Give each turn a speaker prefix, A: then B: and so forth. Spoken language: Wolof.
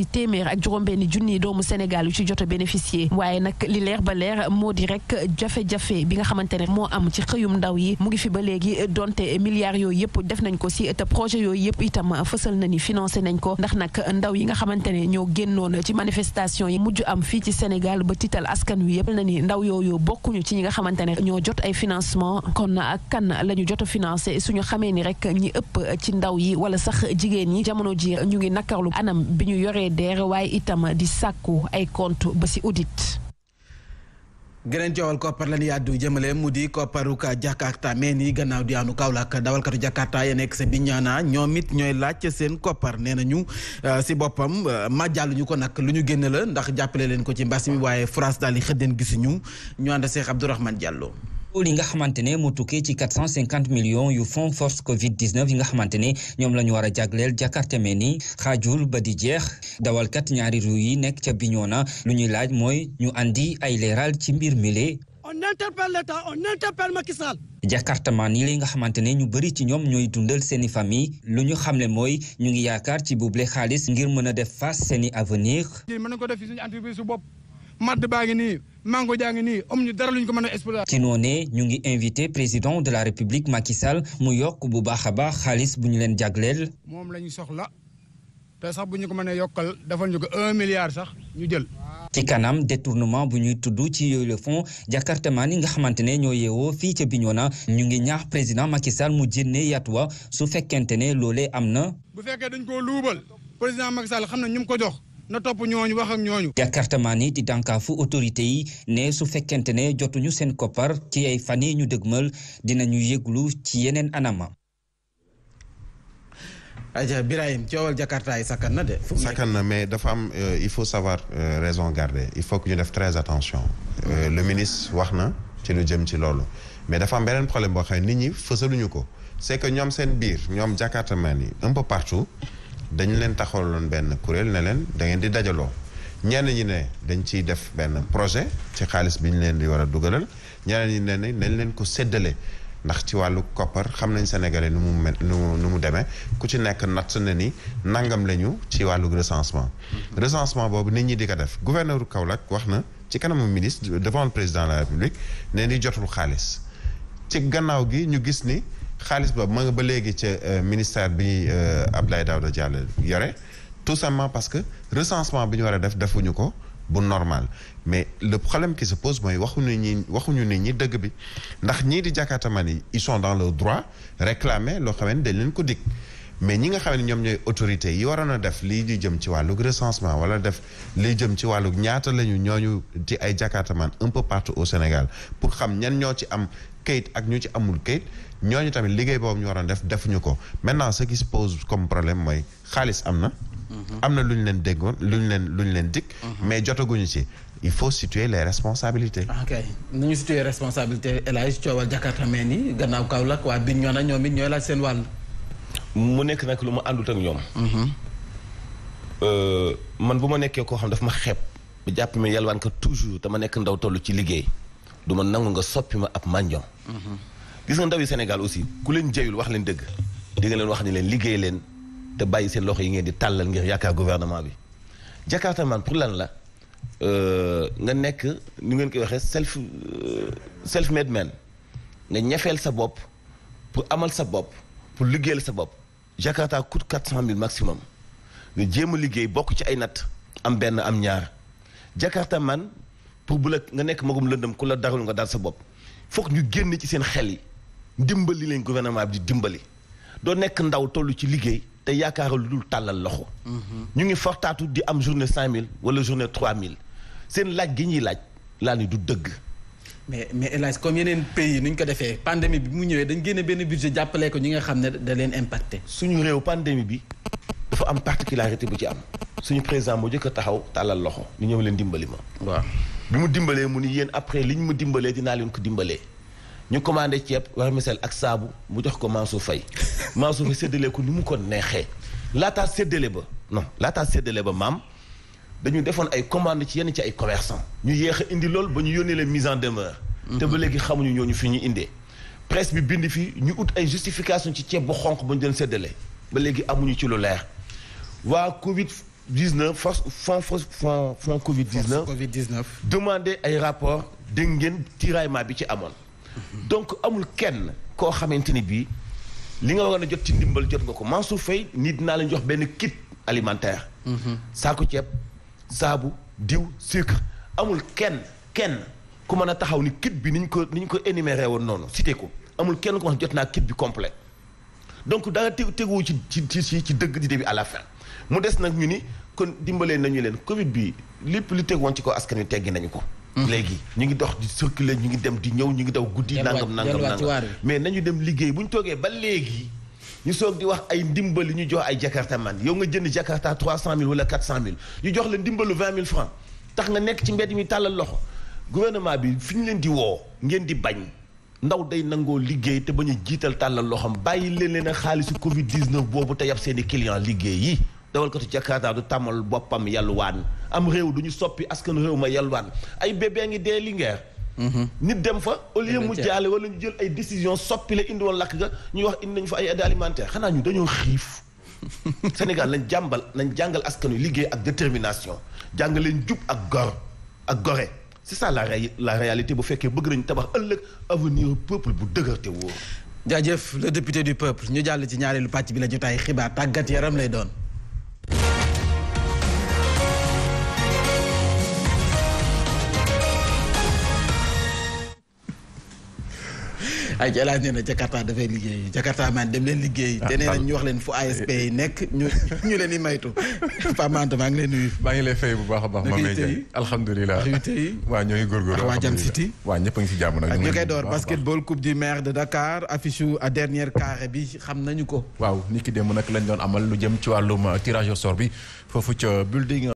A: ci téeméer ak juróom benni junni doomu Sénégal yu ci jot a bénéficier waaye nag li leer ba leer moo di rek jafe-jafe bi nga xamante ne moo am ci xëyum ndaw yi mu ngi fi ba léegi donte milliards yooyu yëpp def nañ ko si te projet yooyu yëpp itam fësal na ni financé nañ ko ndax nag ndaw yi nga xamante ne ñoo génnoon ci manifestation yi mujj am fii ci Sénégal ba tiital askan wi yëpp na ni ndaw yooyu bokkuñu ci ñi nga xamante ne ñoo jot ay financement kon ak kan la ñu jot financé suñu xamee ni rek ñi ëpp ci ndaw yi wala sax jigéen ñi jamono ji ñu ngi nakarlu anam bi ñu yoree DER waaye itam di sàkku ay kont ba ci audit.
B: geneen coowal koppar la ñu yàddu jëmale mu di kopparuk Jakarta mais nii gannaaw di yaanu Kaolack dawalkatu Jakarta ya nekk sa Bignona ñoom it ñooy laaj seen koppar nee ñu si euh, boppam euh, ma jàll ñu ko nag lu ñu génn la ndax jàppale leen ko ci mbas mi waaye France daal di xëddeen gisuñu ñu ànd seex
C: Abdourahmane jàlloo li nga xamante ne mu tukkee ci 450 millions yu fonds force covid 19 yi nga xamante ñoom la ñu war a jagleel jàkkaarteme ni xaajul ba di jeex dawalkat ñaari ru yi nekk ca Bignona lu ñuy laaj mooy ñu andi ay leeral ci mbir mile
B: on interpelle l'État on interpelle Macky Sall
C: jakartamaan yi li nga xamante ne ñu bëri ci ñoom ñooy dundal seeni famille lu ñu xamle mooy ñu ngi yaakaar ci le xaalis ngir mën a def fas seeni avenir mën madd baa ngi nii mango jaa ngi nii am ñu dara luñ ko mën a exploiter. ci noonee ñu ngi invité président de la république Macky Sall mu yokk bu baax a baax xaalis bu ñu leen jagleel.
B: moom la ñu soxla te sax bu ñu ko mënee yokkal
C: defal ñu ko un milliard sax ñu jël. ci kanam détournement bu ñuy tudd ci yooyu le fonds jàkkaartamaan yi nga xamante ne ñoo yeewoo fii ca na ñu ngi ñaax président Macky Sall mu jénnee yatuwa su fekkente ne loolee am na. bu fekkee dañ koo luubal président Macky Sall xam na ñu ko jox. na topp ñooñu wax ak ñooñu. jakartamaan yi di dànkaafu autorité yi ne su fekkente ne jotuñu seen koppar ci ay fan yi ñu dëgmal dinañu yëglu ci yeneen anama. Aja Birahim coowal Jakarta yi sakkan na de. sakkan na mais
D: dafa am euh, il faut savoir euh, raison garder il faut que ñu def très attention. Euh, ministre wax na ci lu jëm ci loolu. mais dafa am beneen problème boo xam ne nit ñi fësaluñu ko c'est que ñoom seen biir ñoom jakartamaan yi un partout. dañu leen loon benn kuréel ne leen da ngeen di dajaloo ñenn ñi ne dañ ciy def benn projet ci xaalis bi ñu leen di war a dugalal ñeneen ñi ne ne nañ leen ko séddale ndax ci wàllu koppar xam nañ sénégalais nu mu mel nu nu mu demee ku ci nekk natt na ni nangam lañu ci wàllu recensement. recensement boobu nit ñi di ko def gouverneur Kaolack wax na ci kanamu ministre devant président la république ne ni jotul xaalis ci gannaaw gi ñu gis ni. xaalis ba ma nga ba léegi ca euh, ministère bi ab euh, Abdoulaye Daouda Diallo yore tout simplement parce que recensement bi ñu war a def defuñu ko bu normal mais le problème qui se pose mooy waxuñu ñi waxuñu nit ñi dëgg bi ndax ñii di jàkkaartaman yi ils sont dans le droit réclamer loo xam ne dañ leen ko dikk mais ñi nga xam ne ñoom ñooy autorités yi waroon a def lii di jëm ci wàllug recensement wala def li jëm ci wàllug ñaata lañu ñu di ay jakartaman un peu partout au Sénégal pour xam ñan ñoo ci am kayit ak ñu ci amul kayit ñooñu tamit liggéey boobu ñu waroon def defuñu ko maintenant ce qui se pose comme problème mooy xaalis am na. Mhm. am na lu ñu leen déggoon lu ñu leen lu ñu leen dikk. Mhm. mais jotaguñu ci il faut situer les responsabilité ah, ok
B: nu situer responsabilité El Hadj coowal Jakarta meen yi gannaaw Kaolack waa biir ñoo na ñoom it ñooy laaj seen wàll. mu nekk nag lu ma àndut ak ñoom. Mhm.
A: Euh, man bu ma nekkee koo xam dafa ma xeeb ba jàpp ma yalwaan ka toujours dama nekk ndaw tollu ci liggéey du ma nangu nga soppi ma ab mànjoom. Mhm. gis nga ndaw Sénégal aussi ku leen jëyul wax leen dëgg di leen wax ni leen liggéey leen te bàyyi seen loxo yi ngeen di tàllal ngir yaakaar gouvernement bi. Jakarta man pour lan la euh, nga nekk ni ngeen koy waxee self self nga ñafeel sa bopp pour amal sa bopp pour liggéeyal sa bopp. Jakarta coûte quatre cent mille maximum nga jéem a liggéey bokk ci ay natt am benn am ñaar Jakarta man pour bu la nga nekk magum lëndam ku la darul nga dal sa bopp foog ñu génn ci seen xel yi dimbali leen gouvernement bi di dimbali doo nekk ndaw tollu ci liggéey te yaakaar lu dul tàllal loxo. Mhm. ñu ngi fortaatu di am journée cinq mille wala journée trois mille seen laaj gi ñuy laaj laa ni du dëgg.
B: mais mais hélas comme yeneen pays yi nu ñu ko defee pandémie bi mu ñëwee dañ génne benn budget jàppale ko ñi nga xam ne da leen impacté. suñu réew pandémie bi dafa am particularité bu ci am suñu président
A: moo jëkk a taxaw tàllal loxo ñu ñëw leen dimbali ma. waaw bi mu dimbalee mu ni yéen après li ñu ma dimbalee dinaa leen ko dimbalee. ñu commandé ceeb war misel ak saabu mu jox ko Mansour Faye Mansour Faye séddale ko ni mu ko neexee laataa séddale ba non laataa séddale ba maam. dañu defoon ay commande ci yenn ci ay commerçant ñu yéex a indi lool ba ñu yónnee la mise en demeure mhm. te ba léegi xamuñu ñooñu fi ñu indee presse bi bind fi ñu ut ay justification ci ceeb bu xonq ba ñu doon séddale ba léegi amuñu ci lu leer waa covid 19 force fond fond covid 19 covid 19 demandé ay rapport dégg ngeen tiraillement bi ci amoon mhm. donc amul kenn koo xamante ni bii li nga waroon jot ci ndimbal jot nga ko Mansour Faye nit dinaa leen jox benn kit alimentaire mhm. saako ceeb saabu diw sucre amul kenn kenn ku mën a taxaw ni kit bi ni ñu ko ni ñu ko énuméré woon noonu cité ko amul kenn ku wax jot naa kit bi complet donc da nga tegu teguwu ci ci ci ci dëgg di début à la fin mu des nag ñu ni kon dimbalee nañu leen Covid bi lépp li tegoon ci ko askan wi teggi nañu ko. Hmm. léegi ñu ngi dox di circuler ñu ngi dem di ñëw ñu ngi daw guddi. nangam nangam nangam mais nañu dem liggéey bu ñu toogee ba léegi. ñu soog di wax ay ndimbal ñu jox ay jakarta man yow nga jënd jakarta 300000 wala 400000 ñu jox la ndimbalu 20000 francs tax nga nekk ci mbedd mi tàllal loxo gouvernement bi fi ñu leen di woo ngeen di bañ ndaw day nangoo liggéey te ba ñu jiital tàllal loxoom bàyyi leen leen a xaalisu Covid 19 boobu te yab seen i client liggéey yi. dawalkatu jakarta du tàmmal boppam waan am réew du ñu soppi askan réew ma yalwaan ay bébé ngi dee li Mm-hmm. nit dem fa au lieu mu jaale wala ñu jël ay décision soppi la indi woon lakk ga ñuy wax indi nañ fa ay aide alimentaire xanaa ñu dañoo xiif Sénégal nañ jàmbal nañ jàngal askan wi liggéey ak détermination jàngal leen jub ak gor ak gore c'est ça la la réalité bu fekkee
B: bëgg nañu tabax ëllëg avenir peuple bu dëgër te wóor jaajëf le député du peuple ñu jàll ci ñaareelu pàcc bi la jot ay xibaar tàggat yaram lay doon ay ci laaj nee na Jakarta dafay liggéey Jakarta man dem leen liggéey ah, te nee na ñu wax leen fu ASP yi nekk ñu ñu leen di maytu pamante maa ngi leen nuyu maa ngi lay fay bu baax a baax Mame Ndiaye alhamdulilah tey waaw ñoo ngi góorgóorlu waa Jam City waaw ñëpp a si jàmm nag ñu koy door basketball coupe du maire de Dakar affiche u dernier carré bi xam
C: nañu ko waaw nit ki démb nag lañ doon amal lu jëm ci wàllum tirage au sort bi foofu